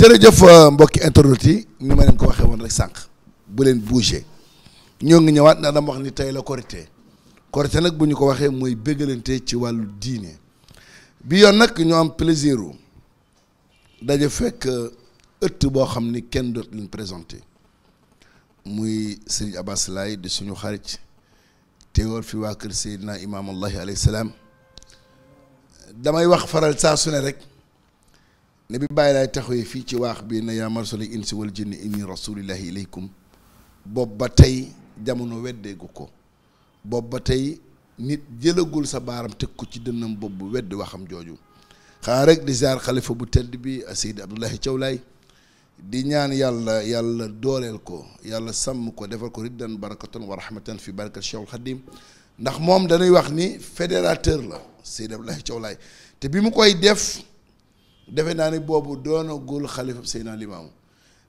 jërëjëf euh, mbokki internet yi ni ma leen ko waxee woon rek sànq bu leen bouger ñoo ngi ñëwaat ndax dama wax ni tey la korité korité nag bu ñu ko waxee mooy bëggalante ci wàllu diine bi yoon nag ñu am plaisir daje fekk euh, ëtt boo xam ni kenn doot leen présenté muy sëriñ Abbas Laay di suñu xarit te teewoon fi waa kër Seydina Imaamullahi alayhi salaam damay wax faral saa sune rek. ne bi bàyyi laay taxawee fii ci waax bi na yaa marsali insi wal jinni inni rasulillahi ilaykum boobu ba tey jamono weddeegu ko boobu ba tey nit jëlagul sa baaram teg ko ci dënnam boobu weddi waxam jooju xanaa rek di ziar xalifa bu tedd bi Seydi Abdoulaye Thiaw Laye di ñaan yàlla yàlla dooleel ko yàlla sàmm ko defal ko riddan barakatan wa rahmatan fi barakat Cheikhul Khadim ndax moom dañuy wax ni fédérateur la Seydi Abdoulaye Thiaw te bi mu koy def defe naa ni boobu doonagul xalifa Seydina Limaamu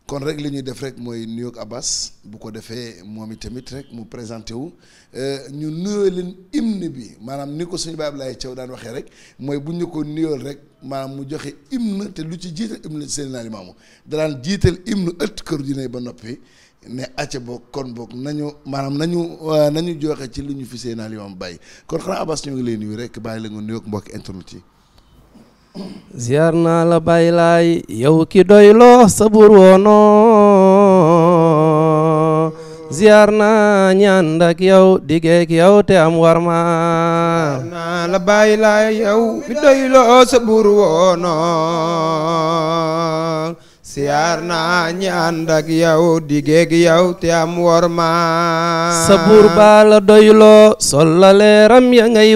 kon rek li ñuy def rek mooy nuyoog Abbas bu ko defee moom itamit rek mu présenté wu euh, ñu nuyoo leen hymne bi maanaam ni ko suñu baay Ablaye Thiaw daan waxee rek mooy bu ñu ko rek maanaam mu joxe hymne te lu ci jiital hymne Seydina Limaamu daan jiital hymne ëtt kër ju ne ba noppi ne acca boog kon boog nañu maanaam nañu nañu joxe ci lu ñu fi Seydina Limaamu bàyyi kon xanaa Abbas ñoo ngi lay nuyu rek bàyyi la nga nuyoog mbokk internet yi. ziar naa la bay laay yow ki doy loo sabur woonoo ziar naa ñànd ak yow digeek yow te am warma ziar naa la bay laay leeram ya ngay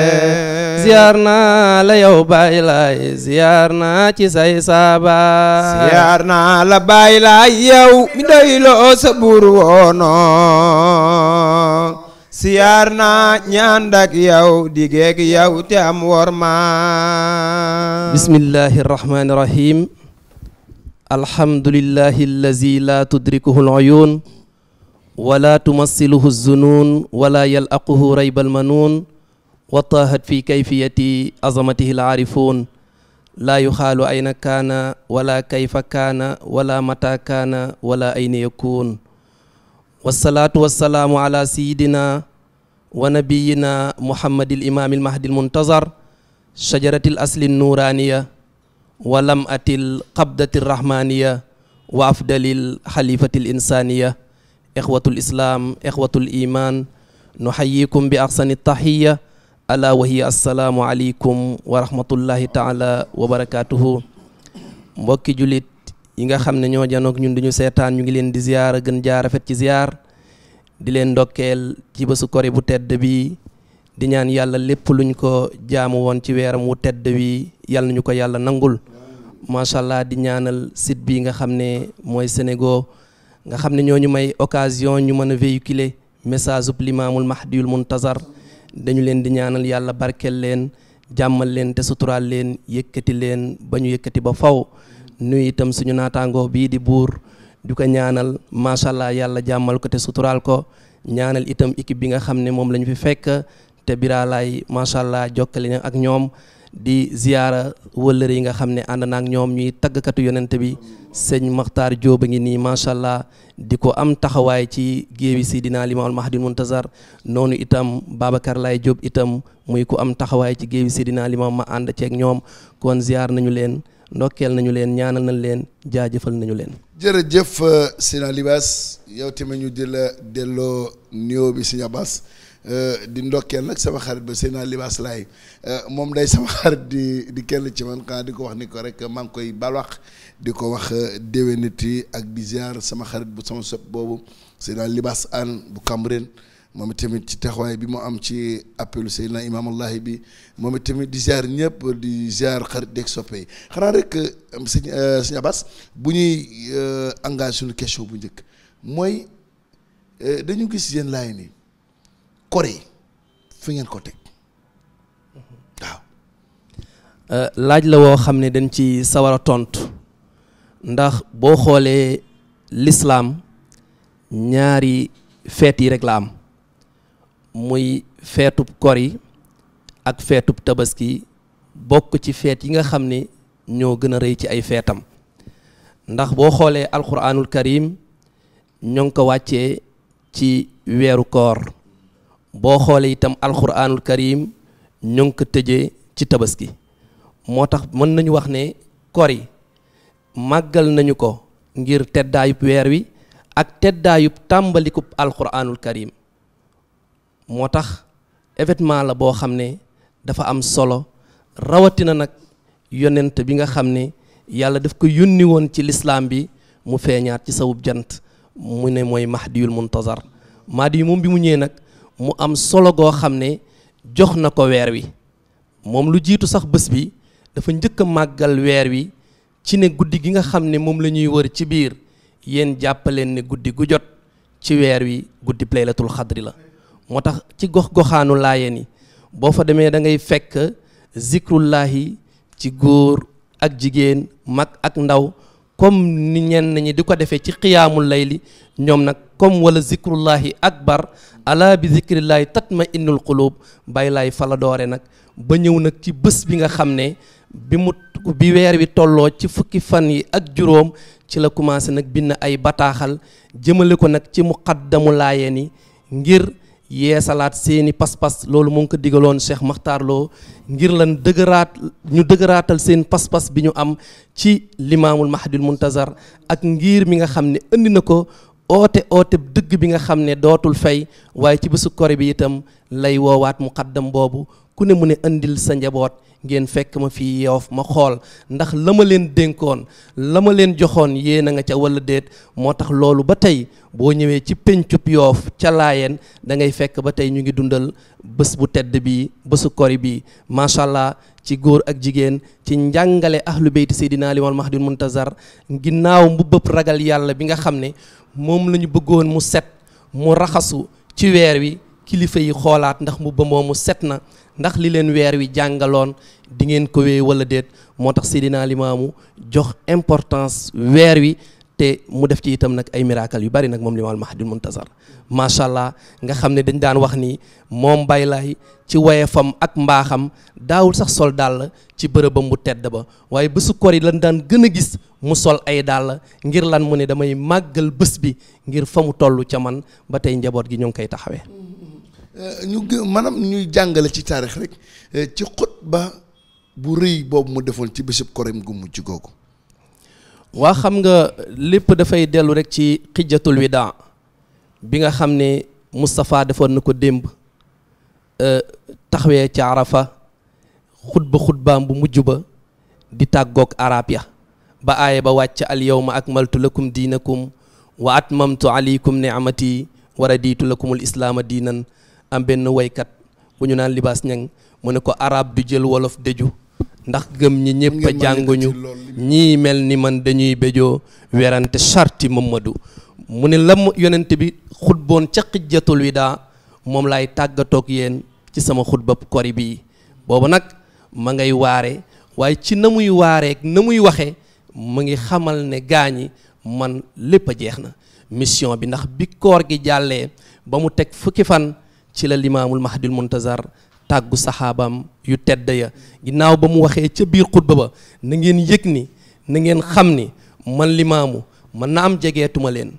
ziyaar naa la yow Baay Laay ziyaar naa ci say saaba ziyaar naa la Baay Laay yow mi doy loo sa buur woonoo ziyaar naa ñaan dak yow digeek yow te am worma bismillahi rahmaani rahim alhamdulillahi allazi la tudrikuhu al-uyun wala tumassiluhu az-zunun wala yalaquhu raybal manuun wataahat fi kayfiyati azamatihi laarifuun laa yuxaalu ayna kaana wala kayfa kaana wala mata kaana wala ayna yakuun wasalaatu wasalaamu ala sayidina wa nabiyina muhammadil imaamil mahdil muntazar shajaratil asli nuuraaniya wa lam atil qabdatil rahmaaniya wa afdalil xalifatil insaaniya ixwatul islaam ixwatul imaan nuxayikum bi axsani taxiya alaa wahiya assalaamu aleykum wa rahmatullahi taala wa barakaatuhu mbokki jullit yi nga xam ne ñoo janoog ñun duñu seetaan ñu ngi leen di ziyaar gën jaarafet ci ziyaar di leen ndokkeel ci bésu kori bu tedd bi di ñaan yàlla lépp luñ ko jaamu woon ci weeram wu tedd wi yàlla nañu ko yàlla nangul macha allah di ñaanal sit bi nga xam ne mooy Sénégo nga xam ne ñoo ñu may occasion ñu mën a véhiculer message ub limaamul mahdiyul muntazar dañu leen di ñaanal yàlla barkeel leen jàmmal leen te suturaal leen yëkkati leen ba ñu yëkkati ba faw nuyu itam suñu naataangoo bii di buur du ko ñaanal macha allah yàlla jàmmal ko te suturaal ko ñaanal itam équipe bi nga xam ne moom la ñu fi fekk te biraalaay macha allah jokkale na ak ñoom di ziyaara wëllëre yi nga xam ne ànd ak ñoom ñuy taggkatu yonent bi sëñ Maxtaar Jóob a ngi nii macha allah di ko am taxawaay ci géewi Sidina Limaamul Mahdi Muntazar noonu itam Babacar Lay Jóob itam muy ku am taxawaay ci géewi Sidina Limaam ma ànd ceeg ñoom kon ziyaar nañu leen ndokkeel nañu leen ñaanal nañ leen jaajëfal nañu leen jërëjëf euh, Sina Libaas yow tamit ñu di la delloo nuyoo bi Sina Baas Euh, di ndokkeel nag sama xarit ba Seydina Libaas Laay euh, moom day sama xarit di di kenn ci man xanaa di ko wax ni ko rek maa ngi koy balwax di ko wax yi euh, ak di ziar sama xarit bu sama sop boobu Seydina Libaas Anne bu Cambérène moom tamit ci taxawaay bi mu am ci appelu Seydina Imaamullahi bi moom tamit di ziar ñëpp di ziar xarit deg soppe yi xanaa rek sëñ sëñ bu ñuy engagé suñu question bu njëkk mooy dañu gis yéen laay nii Corée fi ngeen ko teg euh, laaj la woo xam ne dañ ci sawar a tontu ndax boo xoolee lislaam ñaari feet yi rek la muy feetub kori ak feetub tabaski bokk ci feet yi nga xam ne ñoo gën a rëy ci ay feetam ndax boo xoolee alquranul karim ñoo ngi ko wàccee ci weeru koor boo xoolee itam alxuraanul karim ñu ngi ko tëjee ci tabaski moo tax mën nañu wax ne kori màggal nañu ko ngir teddaayub weer wi ak teddaayub tàmbalikub alxuraanul karim moo tax événement la boo xam ne dafa am solo rawatina nag yonent bi nga xam ne yàlla daf ko yónni woon ci lislaam bi mu feeñaat ci sawub jant mu ne mooy mahdiyul mahdi yi moom bi mu ñëwee nag mu am solo goo xam ne jox na ko weer wi moom lu jiitu sax bés bi dafa njëkk a màggal weer wi ci ne guddi gi nga xam ne moom la ñuy wër ci biir yéen jàppaleen ne guddi gu jot ci weer wi guddi laylatul xadri la moo tax ci gox goxaanu laayeen yi boo fa demee da ngay fekk zikrullahi ci góor ak jigéen mag ak ndaw comme ni ñenn ñi di ko defee ci qiyaamul layli ñoom nag comme wala zikrullahi akbar ala bi zikrillahi tatma innul qulub bay laay fala doore nag ba ñëw nag ci bés bi nga xam ne bi mu bi weer wi tolloo ci fukki fan yi ak juróom ci la commencé nag bind ay bataaxal jëmale ko nag ci muqaddamu laayeen yi ngir salaat seeni pas-pas loolu moo ngi ko digaloon Cheikh Makhtar ngir lan dëgëraat ñu dëgëraatal seen pas-pas bi ñu am ci limaamul Mahdil Muntazar ak ngir mi nga xam ne indi na ko oote oote dëgg bi nga xam ne dootul fay waaye ci bésu kore bi itam lay woowaat muqaddam boobu ku ne mu ne indil sa njaboot ngeen fekk ma fii yoof ma xool ndax la ma leen dénkoon la ma leen joxoon yéen a nga ca walla déet moo tax loolu ba tey boo ñëwee ci pencub yoof ca laayeen da ngay fekk ba tey ñu ngi dundal bés bu tedd bi bésu kori bi macha allah ci góor ak jigéen ci njàngale ahlu beyti seydina limaam mahdin muntazar ginnaaw mbubbëb ragal yàlla bi nga xam ne moom la ñu bëggoon mu set mu raxasu ci weer wi kilifa yi xoolaat ndax mbubb moomu set na ndax li leen weer wi jàngaloon di ngeen ko wéy wala déet moo tax Seydina Limaamu jox importance weer wi te mu def ci itam nag ay miracle yu bari nag moom Limaamul Mahdi Muntasar macha allah nga xam ne dañ daan wax ni moom Baay Laay ci fam ak mbaaxam daawul sax sol dàll ci bërëbam bu tedd ba waaye bésu kor yi lan daan gën a gis mu sol ay dàll ngir lan mu ne damay màggal bés bi ngir fa mu toll ca man ba tey njaboot gi ñoo ngi koy taxawee. Euh, ñu maanaam ñuy jàngale ci taarix rek euh, ci xutba bu rëy boobu mu defoon ci bésub koreem gu mujj googu. waa xam nga lépp dafay dellu rek ci xijjatul widaa bi nga xam ne mustafaa defoon na ko démb euh, taxawee ci Arafa xutba xutbaam bu mujj ba di tàggoog arab ya ba aaye ba wàcc al yawma akmaltu lakum diinakum wa atmamtu alaykum ni'mati wa raditu lakumul islaama diinan am benn waykat bu ñu naan libaas ñang mu ne ko arab du jël wolof déju ndax gëm ñi ñëpp a jànguñu ñii mel ni man dañuy béjoo werante charti Mamadou mu ne lam yonent bi xutboon ca xijjatul daa moom laay tàggatoog yéen ci sama xutbab kori bii boobu nag ma ngay waare waaye ci na muy waareek na muy waxe mu ngi xamal ne gaa ñi man lépp a jeex na mission bi ndax bi koor gi jàllee ba mu teg fukki fan ci la limaamul mahdil muntazar tàggu saxaabaam yu tedd ya ginnaaw ba mu waxee ca biir xutba ba na ngeen yëg ni na ngeen xam ni man limaamu man na am jegeetuma leen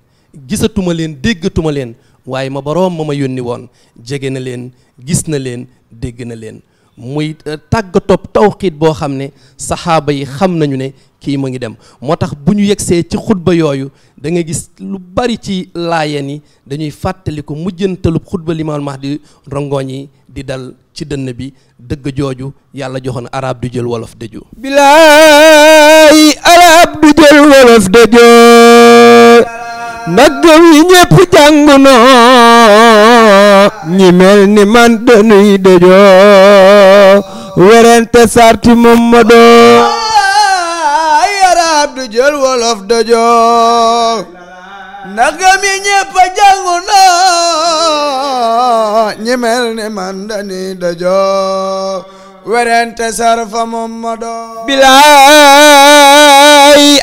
gisatuma leen déggatuma leen waaye ma boroom ma ma yónni woon jege na leen gis na leen dégg na leen muy eh, tàggatoo tawxiit boo xam ne saxaaba yi xam nañu ne kii mu ngi dem moo tax bu ñu yegsee ci xutba yooyu da gis lu bari ci laayeen ni dañuy fàttali ko mujjantalub xutba limaamul mahdi rongooñ yi di dal ci dënn bi dëgg jooju yàlla joxoon arab du jël wolof dëju bilaay arab du jël wolof dëju nag yi ñépp jàng ñi mel ni man dañuy dëjoo werente sarti moom ma du jël wolof ñépp a jàngu ni man dani werente sarfa moom ma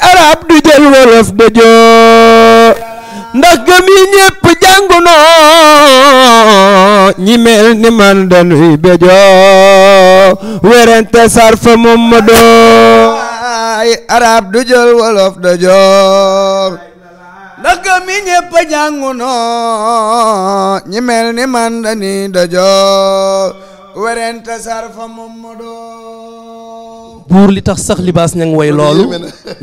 arab du jël wolof dojoo ndax gëm yi ñépp jàngu na ni man danuy werente sarfa moom ma dooy arab du jël wolof da joor ndaka mi ñépp jàngunoo ñi mel ni man dani da joor werente sarfa moom ma dooy buur li tax sax libaas ña ngi way loolu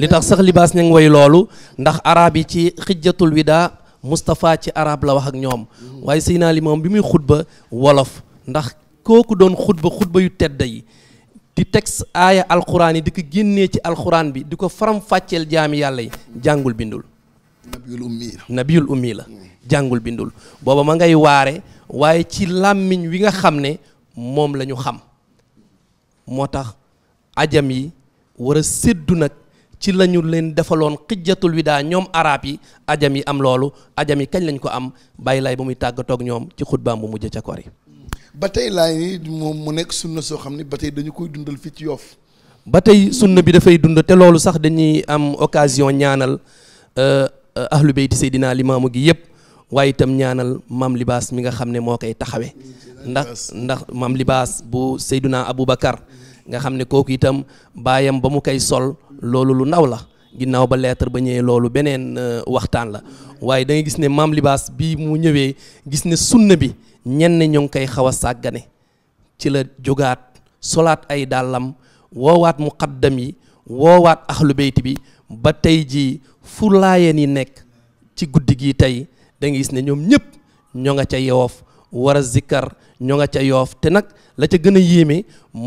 li tax sax libaas ña ngi way loolu ndax araab yi ci xijjatul wida Moustapha ci arab la wax ak ñoom mm-hmm. waaye Seydina Limaamu bi muy xutba wolof ndax kooku doon xutba xutba yu tedd yi di teg aaya alxuraan yi di ko génnee ci alxuraan bi di ko faram fàcceel jaami yàlla yi jàngul bindul nabiyul ummi la jàngul bindul booba ma ngay waare waaye ci làmmiñ wi nga xam ne moom lañu xam moo tax ajam yi war a nag ci lañu leen defaloon xijjatul daa ñoom araab yi ajam yi am loolu ajam yi kañ lañ ko am bàyyi lay ba muy tàggatoog ñoom ci xutbaam bu mujj ca kori ba tey laay moom mu nekk sunna soo xam ne ba tey dañu koy dundal fii ci Yoff ba tey sunna bi dafay dund te loolu sax dañuy am occasion ñaanal euh, ahlu beyti Seydina Limaamu gi yëpp waaye itam ñaanal maam libaas mi nga xam ne moo koy taxawe ndax ndax maam libaas bu Seydina bakar nga xam ne kooku itam baayam ba mu koy sol loolu lu ndaw la ginnaaw ba lettre ba ñëwee loolu beneen euh, waxtaan la waaye da gis ne maam libaas bi mu ñëwee gis ne sunna bi ñenn ñu ngi koy xaw a sàggane ci la jógaat solaat ay dàllam woowaat muqaddam yi woowaat axlu beyti bi ba tey jii fu laayeen yi nekk ci guddi gi tey da gis ne ñoom ñëpp ñoo nga ca yoof wara a zikkar ñoo nga ca yoof te nag la ca gën a yéeme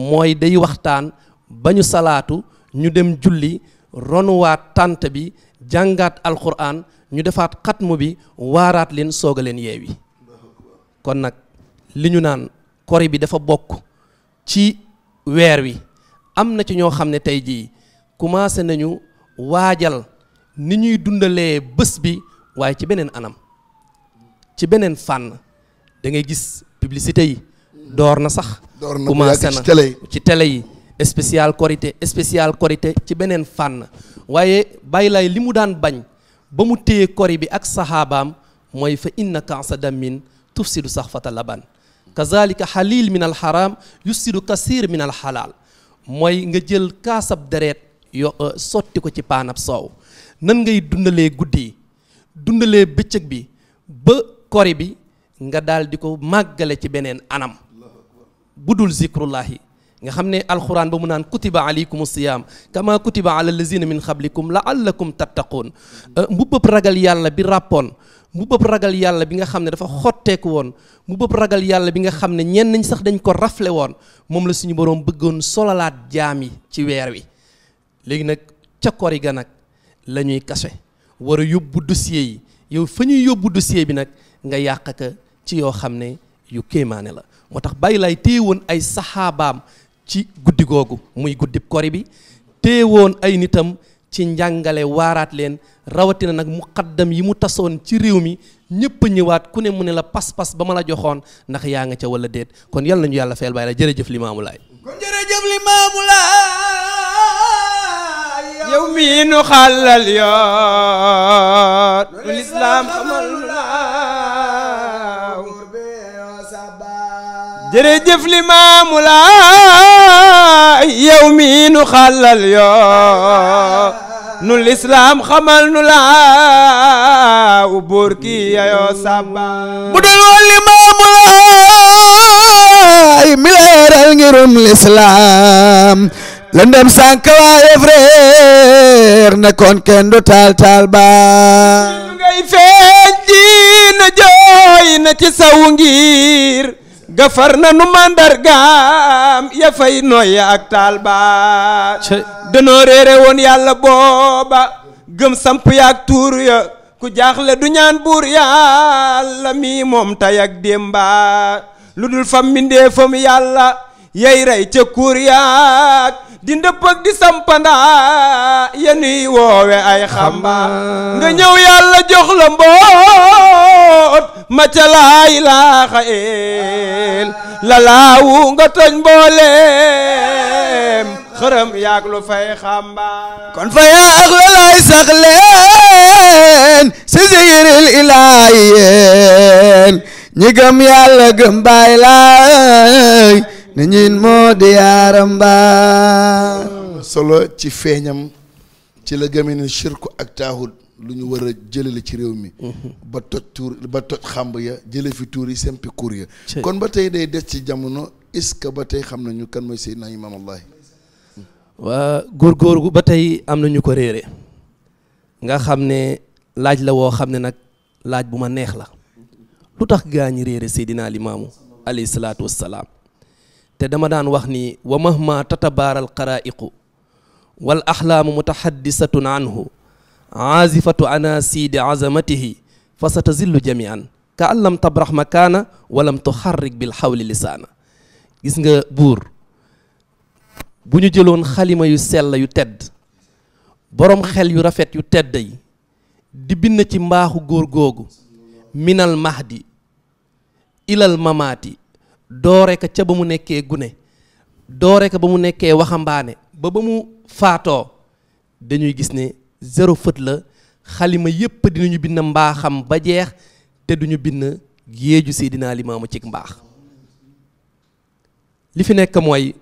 mooy day waxtaan bañu salaatu ñu dem julli ronuwaat tànt bi jàngaat alquran ñu defaat xatmu bi waaraat leen soog a leen yi kon nag li ñu naan kori bi dafa bokk ci weer wi am na ci ñoo xam ne tey jii commencé nañu waajal ni ñuy dundalee bés bi waaye ci beneen anam ci beneen fànn dangay gis publicité yi door na sax commencé na ci tele yi spécial korité spécial korité ci beneen fànn waaye bàyyi laay li mu daan bañ ba mu téye kori bi ak saxaabaam mooy fa inna kansa damin tufsidu saxfata laban kazalika xalil min alxaram yusidu kasir min alxalaal mooy nga jël kaasab deret yo euh, sotti ko ci paanab soow nan ngay dundalee guddi yi dundalee bëccëg bi ba kori bi nga dal di ko màggale ci beneen anam bu dul zikrullahi nga xam ne alxuraan ba mu naan kutiba alaykum siyaam kama kutiba ala min xablikum laallakum tattaqun euh, mbubbëb ragal yàlla bi ràppoon mu bëpp ragal yàlla bi nga xam ne dafa xotteeku woon mu bëpp ragal yàlla bi nga xam ne ñenn ñi sax dañ ko rafle woon moom la suñu boroom bëggoon solalaat jaam yi ci weer wi léegi nag ca kori ga nag la ñuy kase war a yóbbu dossier yi yow fa ñuy yóbbu dossier bi nag nga yàq ka ci yoo xam ne yu kéemaane la moo tax bàyyi lay téye woon ay saxaabaam ci guddi googu muy guddib kori bi téye ay nitam ci njàngale waaraat leen rawatina nag muqaddam yi mu tasoon ci réew mi ñëpp a ñëwaat ku ne mu ne la pas-pas ba ma la joxoon ndax yaa nga ca wala déet kon yal ñu yàlla fayal bàyyi la jërëjëf Limaamu Laay Laay yow mii xàllal yoon lu lislaam xamal jërëjëf Limaamu Laay yow mii nu xàllal nu lislaam xamal nu laaw buur kii yayoo sàbba bu dul woon Limaamu Laay mi leeral ngirum lislaam lëndëm sànq waayeef réer ne kon kenn du taal taal ba ngay feeñ ji na jooy na ci saw gafar na nu màndargaam ya fay nooye ak taal ba danoo réere woon yàlla booba gëm samp yaak tuur ya ku jaaxle du ñaan buur yàlla mi moom tay ak démba lu dul fam mindee fam yàlla yey rey ca kuur yaak di ndëpp ak di sampandaa yenuy woowe ay xamba nga ñëw yàlla jox la mboot ma ca laa ilaaha nga toj mbooleem xërëm yaag fay xamba kon fa ak la lay sax leen si zikiril ilaahiyeen ñi gëm yàlla gëm baay ne ñin moo di yaaram ba solo ci feeñam ci la gëmee ne shirku ak taahud lu ñu war a jële la ci réew mi mm-hmm. ba toj tuur ba toj xàmb ya jële fi tuur yi sempi kuur ya kon ba tey day des ci jamono est-ce ba tey xam nañu kan mooy Seydina Imaam Allahi waa góorgóor gu ba tey am na ñu ko réere nga xam ne laaj la woo xam ne nag laaj bu ma neex la lu tax gaa ñi réere Seydina Limaamu alayhi te dama daan wax ni wa mahma tatabaaral xaraa'iqu wal axlaamu mutahaddisatun anhu aazifatu anasidi azamatihi fa sa tazillu jamian ka an lam tabrax makaana walam tuxarrik bil xawli lisaana gis nga buur bu ñu jëloon xalima yu sell yu tedd boroom xel yu rafet yu tedd yi di bind ci mbaaxu góor googu minal mahdi ilal mamaati doore ca ba mu nekkee gune doore ka ba mu nekkee waxambaane ba ba mu faatoo dañuy gis ne zéro fët la xalima yépp dinañu bind mbaaxam ba jeex te duñu bind géeju Seydina Limaamu cig mbaax li fi nekk mooy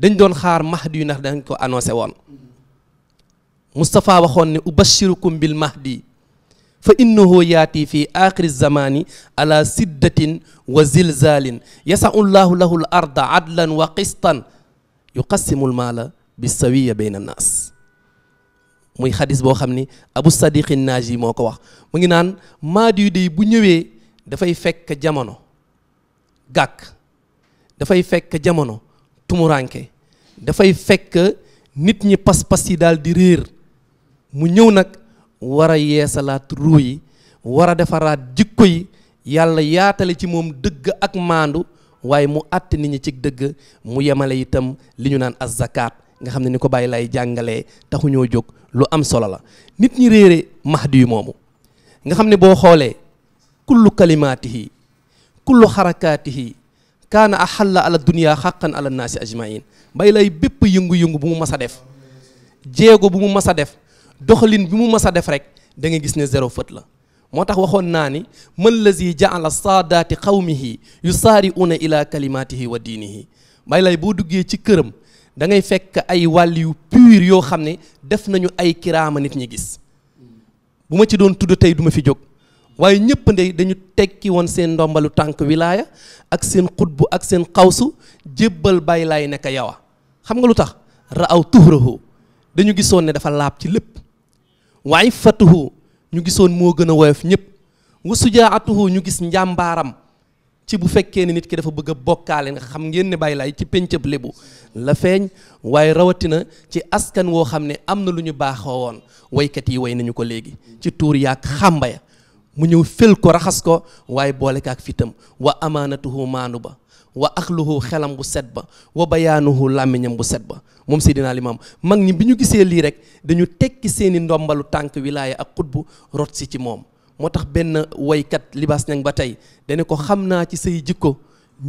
dañ doon xaar Mahdi yu ndax dañ ko annoncé woon Moustapha waxoon ne ubashirukum bil Mahdi fa innahu yaati fi axiri zamani ala siddatin wa zilzalin yasau llahu lahu l arda adlan wa qistan yuqassimu l maala bi sawiya bayn annaas muy xadis boo xam ni abu sadiqi naaj moo ko wax mu ngi naan maadiyu day bu ñëwee dafay fekk jamono gàkk dafay fekk jamono tumuranke dafay fekk nit ñi pas-pas yi daal di réer mu ñëw nag war a yeesalaat ruu yi war a defaraat jikko yi yàlla yaatale ci moom dëgg ak maandu waaye mu àtt nit ñi ci dëgg mu yemale itam li ñu naan azakaat nga xam ne ni ko bàyyi lay jàngalee taxuñoo jóg lu am solo la nit ñi réere mahdi yu moomu nga xam ne boo xoolee kullu kalimaatihi kullu xarakaatihi kaana a la ala dunia xaqan ala naasi ajmain bàyyi lay bépp yëngu-yëngu bu mu mas a def jéego bu mu mas a def doxalin bi mu mës a def rek da nga gis ne zéro faute la moo tax waxoon naa ni mën man lazi jaala saadaati qawmihi yusaari'uuna ila kalimaatihi wa diinihi bay lay boo duggee ci këram dangay fekk ay wàll yu pur yoo xam ne def nañu ay kiraama nit ñi gis bu ma ci doon tudd tey duma fi jóg waaye ñëpp ndey dañu tekki woon seen ndombalu tànk wilaaya ak seen xutbu ak seen xawsu jébbal bàyyi laay nekk yawa xam nga lu tax raaw tuhrahu dañu gisoon ne dafa laab ci lépp waaye fatuhu ñu gisoon moo gën a woyof ñëpp wa sujaatuhu ñu gis njàmbaaram ci bu fekkee ne nit ki dafa bëgg bokkaale nga xam ngeen ne bàyyi laay ci péncëb lébu la feeñ waaye rawatina ci askan woo xam ne am na lu ñu baaxoo woon woykat yi woy nañu ko léegi ci tuur yaag xàmba ya mu ñëw fël ko raxas ko waaye boole kaak fitam wa amaanatuhu maanu ba wa aqluhu xelam bu set ba wa bayaanuhu làmmiñam bu set ba moom Seydina Limaam mag ñi bi ñu gisee lii rek dañu tekki seeni ndombalu tànk wilaaya ak xutbu rot si ci moom moo tax benn woykat libaas ñang ba tey dane ko xam naa ci say jikko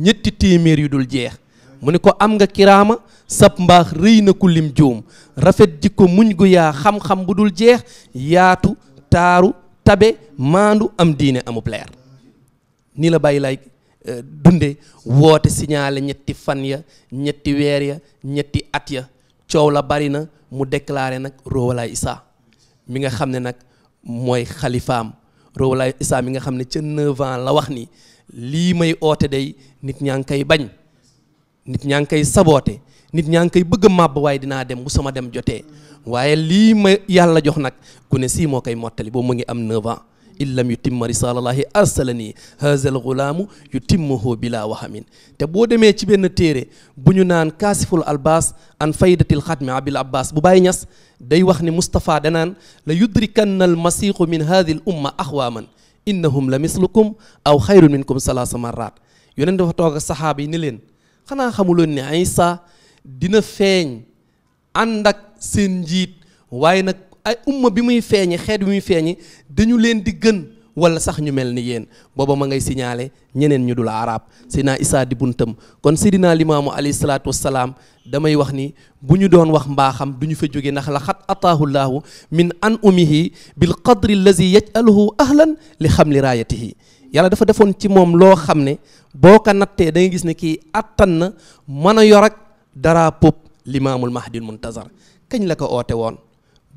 ñetti téeméer yu dul jeex mu ne ko am nga kiraama sab mbaax rëy na ku lim juum rafet jikko muñ gu yaa xam-xam bu dul jeex yaatu taaru tabe maandu am diine amu leer nii la bàyyi lay Eh, dunde woote signalé ñetti fan ya ñetti weer ya ñetti at ya coow la bari na mu déclaré nag Roholaye Issa mi nga xam ne nag mooy xalifaam Roholaye Issa mi nga xam ne ca 9 la wax ni lii may oote day nit ñaa ngi koy bañ nit ñaa ngi koy saboote nit ñaa ngi koy bëgg a màbb waaye dinaa dem bu sama dem jotee waaye lii ma yàlla jox nag ku ne sii moo koy mottali boobu mu ngi am 9 in lam yutimma risalallaahi arsalani haazal gulaamu yutimmuhu bila wahamin te boo demee ci benn téere bu ñu naan kaasiful albaas an faydatil xatmi abil abbas bu bàyyi ñas day wax ne Moustapha danaan la yudrikanna al masiixu min haadi l umma axwaaman innahum la mislukum aw xayrun minkum salaasa marrat yonent dafa toog ak saxaaba ni leen xanaa xamuloon ne Isa dina feeñ ànd ak seen njiit waaye nag ay umma bi muy feeñi xeet bi muy feeñi dañu leen di gën wala sax ñu mel ni yéen booba ma ngay siñaale ñeneen ñu dul arab sidina isaa di buntam kon sidina limaamu alayhi salaatu wassalaam damay wax ni bu ñu doon wax mbaaxam du ñu fa jóge ndax la xat ataahu llaahu min an umihi bil qadri allazi li xam li raayatihi yàlla dafa defoon ci moom loo xam ne boo ko nattee da gis ne kii attan na mën a yor ak dara pop limaamul mahdil muntazar kañ la ko oote woon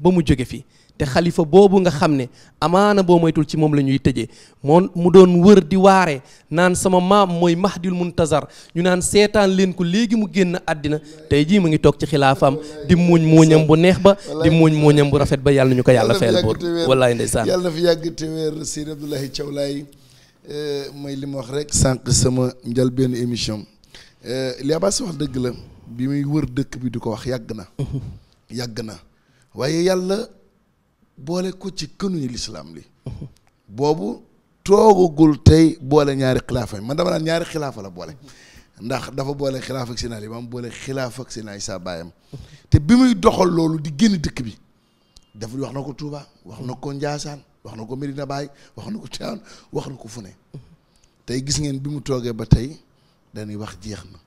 ba mu jóge fi te xalifa boobu nga xam ne amaana boo moytul ci moom la ñuy tëjee moom mu doon wër di waare naan sama maam mooy max mahdil muntazar ñu naan seetaan leen ko léegi mu génn àddina tey jii mu ngi toog ci xilaafaam di muuñ muuñam bu neex ba di muuñ muuñam bu rafet ba yàlla na ñu ko yàlla fayal boor wallaay ndeysaan yàlla na fi yàgg te wéer Seydi Abdoulaye Thiaw Laye eh, mooy li ma wax rek sànq sama njëlbéenu émission eh, li Abass wax dëgg la bi muy wër dëkk bi di ko wax yàgg na mhm. na waaye yàlla boole ko ci kënuñu lislaam li boobu toogagul tey boole ñaari xilaafa man dama naan ñaari xilaafa la boole ndax dafa boole xilaaf ak seen imaam boole xilaaf ak seen Isaa baayam te bi muy doxal loolu di génn dëkk bi dafa wax na ko Touba wax na ko Njaasaan wax na ko Medina Baay wax na ko Tiwaawan wax na ko fu ne tey gis ngeen bi mu toogee ba tey dañuy wax jeex na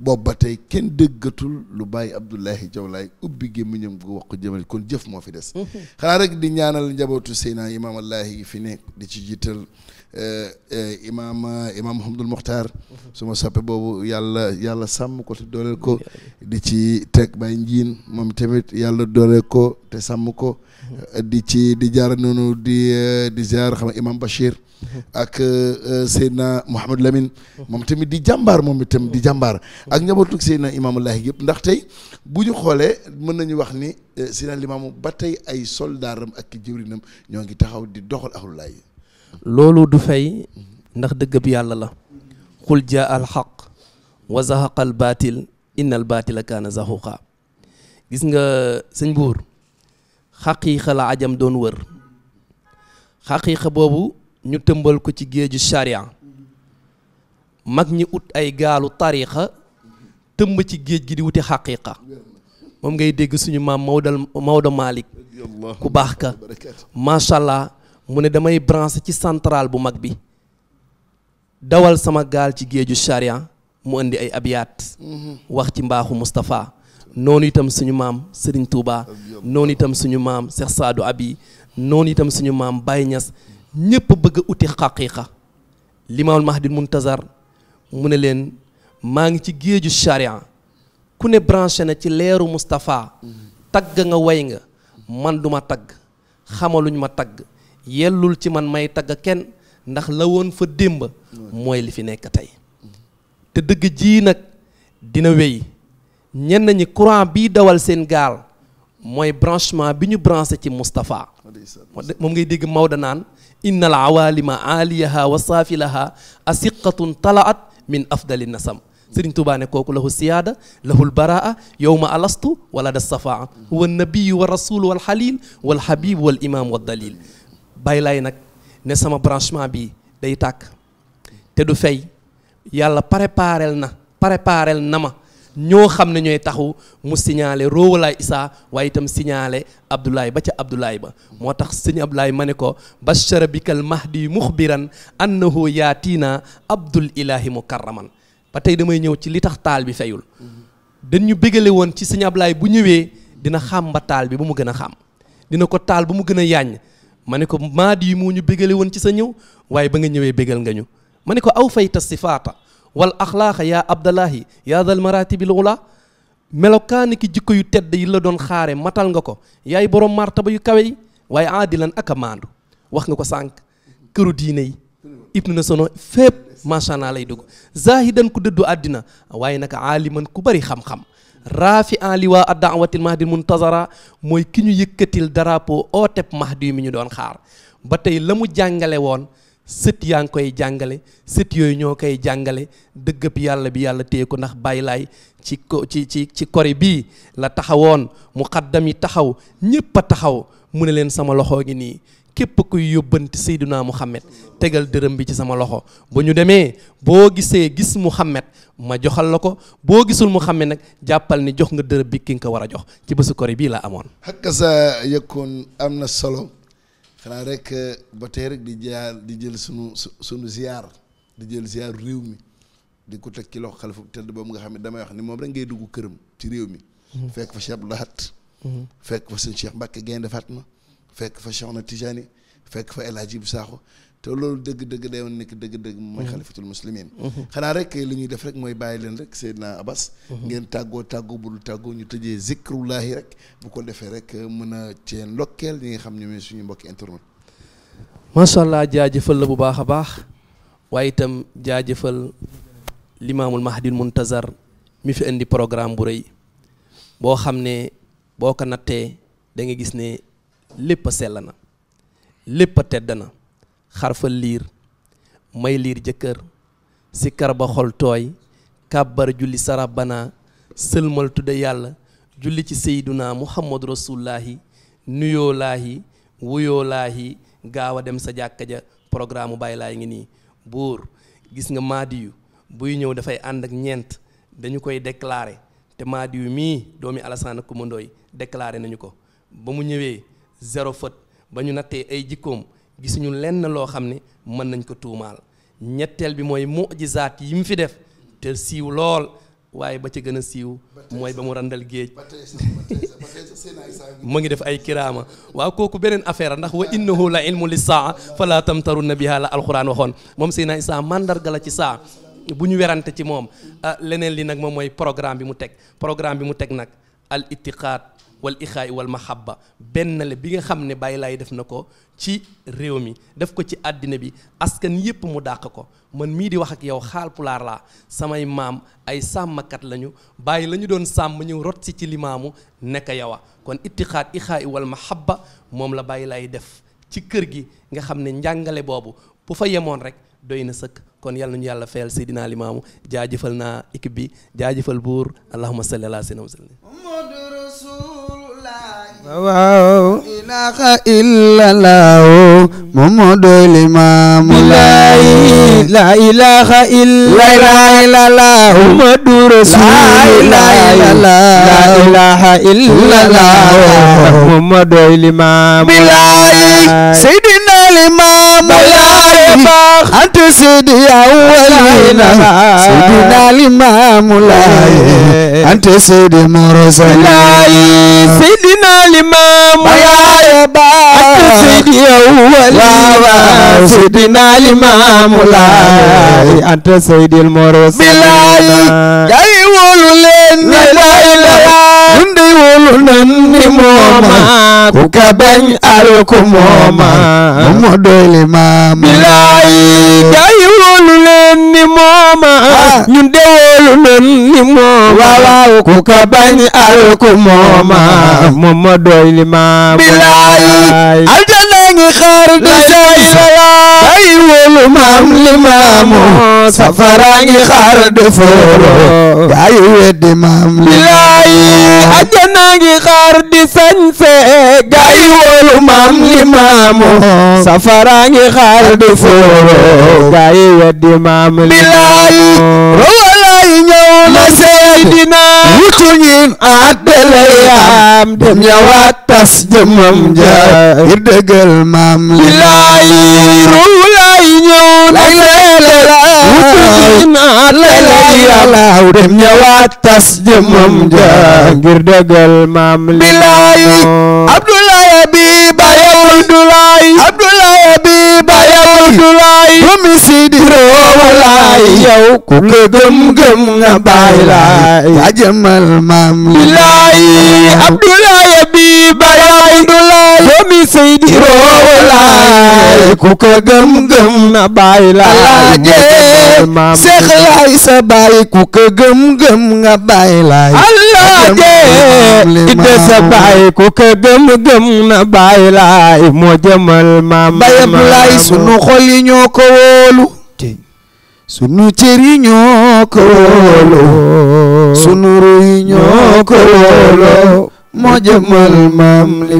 boobu ba tey kenn déggatul lu bàyyi Abdoulaye Diawlaay ubbi gémmiñam gu wax ko jëmale kon jëf moo fi des xanaa rek di ñaanal njabootu Seynaa imaam Allaahi yi fi nekk di ci jiital eh, eh, imaam eh, imaam Mouhamadul Mokhtar suma soppee boobu yàlla yàlla sàmm ko te dooleel ko di ci teg Baye Njiin moom tamit yàlla dooleel ko te sàmm ko di ci di jaar noonu di di jaar xam imaam Bachir ak euh, Seydina Mouhamadou Lamine moom tamit di jàmbaar moom itam di jàmbaar ak njabootug Seydina Imaamullahi yëpp ndax tey bu ñu xoolee mën nañu wax ni euh, Seydina Limaamu ba tey ay soldaaram ak i jëwrinam ñoo ngi taxaw di doxal axlulaay loolu du fay ndax dëgg bi yàlla la xul jaa al xaq wa zahaqa al baatil inna al baatila kaana zahuqa gis nga sëñ buur xaqiiqa la ajam doon wër xaqiiqa boobu ñu tëmbal ko ci géeju charia mag ñi ut ay gaalu tariixa tëmb ci géej gi di wuti xaqiiqa moom ngay dégg suñu maam Maodo Maodo malik ku baax ka macha allah mu ne damay branché ci centrale bu mag bi dawal sama gaal ci géeju charia mu indi ay abiyaat wax ci mbaaxu Moustapha noonu itam suñu maam Serigne Touba noonu itam suñu maam Cheikh Sadou Abi noonu itam suñu maam Baye Niass ñépp bëgg a uti xaqiqa limaamul mahdil muntazar mu ne leen maa ngi ci géeju charia ku ne branché na ci leeru Moustapha tagg nga way nga man duma tagg xamaluñ ma tagg yellul ci man may tagg kenn ndax la woon fa démb mooy li fi nekk tey te dëgg jii nag dina wey ñenn ñi courant bii dawal seen gaal mooy branchement bi ñu branché ci Moustapha moom ngay dégg Maodo naan inna al awalima aaliyaha wa saafilaha asiqatun talaat min afdali nasam sëriñ tubaa ne kooku lahu siyaada lahul baraa yowma alastu wala da safaa huwa nabiyu wa rasul wal xalil wal habib wal imam wal dalil bàyyi laay nag ne sama branchement bi day tàkk te du fay yàlla préparel na préparel na ma ñoo xam ne ñooy taxu mu signalé Roowalaay Issa waaye itam signalé Abdoulaye ba ca Abdoulaye ba moo tax sëñ ma ne ko bashara bikal mahdi muxbiran annahu yaatina abdul ilahi mukarraman ba tey damay ñëw ci li tax taal bi fayul dañu bégale woon ci sëñ Abdoulaye bu ñëwee dina xam taal bi ba mu gën a xam dina ko taal ba mu gën a yaañ ma ne ko mahdi yi moo ñu bégale woon ci sa ñëw waaye ba nga ñëwee bégal nga ñu ma ne ko aw fayta sifaata wal axlaaqa ya abdallahi yaa dal maratibil ula melokaani ki jikko yu tedd yi la doon xaare matal nga ko yaay borom martaba yu kawe yi waaye aadilan ak a maandu wax nga ko sànq këru diine yi ibnu na sono fépp macha allah lay dugg zahidan ku dëddu àddina waaye nag aaliman ku bëri xam-xam raafi an liwaa ad daawatil mahdi muntazara mooy ki ñu yëkkatil drapeau ooteb mahdi mi ñu doon xaar ba tey la mu jàngale woon sët yaa ngi koy jàngale sët yooyu ñoo koy jàngale dëggab yàlla bi yàlla téye ko ndax bàyyi laay ci ci ci ci kori bii la taxawoon mu xaddam yi taxaw ñépp a taxaw mu ne leen sama loxo ngi nii képp kuy yóbbanti Seydina Muhammad tegal dërëm bi ci sama loxo bu ñu demee boo gisee gis Muhammad ma joxal la ko boo gisul Muhammad nag jàppal ni jox nga dërëm bi ki nga ko war a jox ci bésu kori bii la amoon. hakasa yakun am na solo. xanaa rek euh, ba tey rek di jaar di jël sunu sunu ziar di jël ziar réew mi di ko teg ci loxo xalifa tedd boobu nga xam ne damay wax ni moom rek ngay dugg këram ci réew mi. Mm-hmm. fekk fa Cheikh Abdou Lahat mm-hmm. fekk fa sëñ Cheikh Mbacke Gaynde ma fekk fa Cheikh na Tijani fekk fa El Hadj Ibou te loolu dëgg-dëgg day woon nekk dëgg-dëgg mooy mhm. xalifatul muslimin mhm. xanaa rek li ñuy def rek mooy bàyyi leen rek Seydina Abbas mhm. ngeen tàggoo tàggoo bu dul tàggoo ñu tëjee zikrullahi rek bu ko defee rek mën a cee ndokkeel ñi nga xam ne mooy suñu mbokki internet macha allah jaajëfal la bu baax a baax waaye itam jaajëfal limaamul mahdil muntazar mi fi indi programme bu rëy boo xam ne boo ko nattee da gis ne lépp a sell na lépp a tedd na xarfal liir may liir jëkkër sikkar ba xol tooy kàbbar julli sarabana sëlmal tudde yàlla julli ci seyduna muhammadu rasulullaahi nuyoo laahi wuyoo laahi gaaw a dem sa jàkka ja programme bàyyi laay ngi nii buur gis nga maadiyu buy ñëw dafay ànd ak ñeent dañu koy déclaré te maadiyu mii doomi Alassane Coumba Ndoye déclaré nañu ko ba mu ñëwee zéro faute ba ñu nattee ay jikkoom gisuñu lenn loo xam ne mën nañ ko tuumaal ñetteel bi mooy mujizaat yi mu fi def te siiw lool waaye ba ci gën a siiw mooy ba mu randal géej mu ngi def ay kiraama waaw kooku beneen affaire ndax wa innahu la ilmu li saa fala tamtarunna biha la waxoon moom Seydina Isa màndarga la ci saa bu ñu werante ci moom ah, leneen li nag moom mooy programme bi mu teg programme bi mu teg nag al wal ixaay wal mahabba benn le bi nga xam ne bàyyi laay def na ko ci réew mi def ko ci àddina bi askan yépp mu dàq ko man mii di wax ak yow xaal pulaar laa samay maam ay sàmmkat lañu bàyyi la ñu doon sàmm ñëw rot si ci limaamu nekk yow a kon itixaat ixaay wal mahabba moom la bàyyi laay def ci kër gi nga xam ne njàngale boobu bu fa yemoon rek doy na sëkk kon yàlla nañu yàlla fayal Seydina Limaamu jaajëfal naa équipe bi jaajëfal buur allahumma salli ala sayyidina waaw ilaha illallah momo doy limaamu laay la ilaha illallah muhammadu rasul la ilaha illallah momo doy limaamu laay الإمام العالم أنت سيدي أولين سيدنا الإمام العالم أنت سيدي مرسلين سيدنا الإمام العالم أنت سيدي أولين سيدنا الإمام العالم أنت سيدي المرسلين بالله يا يقول لنا لا إله إلا الله lu nan ni mooma ku ka ni mooma ah. ñun de woolu nan ni mooma waaw ku ka bañ al ko mooma mooma doyle maama bilaay aljanna ngi xaar di saylala ay wolu maam li maamu safara ngi xaar di foolo ay weddi maam li laayi ajana ngi xaar di sañse gaay wolu maam li maamu safara ngi xaar di foolo gaay weddi maam li laayi rowalaayi ñëw la seydina wutuñin ak beleyaam dem ñawaat tas jëmam ja ngir dëggal maam lay ruu lay ñëw na seede la wutuñin ak dem ñawaat tas jëmam ja ngir dëggal maam bilay abdoulaye bi baye abdoulaye abdoulaye bi baye Abdoulaye ba mi si di roowalaay yow ku nga gëm-gëm nga baay laay waajëmal maam bilaay Abdoulaye bi baay Abdoulaye ba mi si di roowalaay ku nga gëm-gëm na baay laay maam Seex laay sa baay ku nga gëm-gëm nga baay laay Allaaje ite sa baay ku nga gëm-gëm na baay laay moo jëmal maam baay Abdoulaye sunu xol yi ñoo ko wóolu sunu cër yi ñoo ko wóolu moo jëmal maam li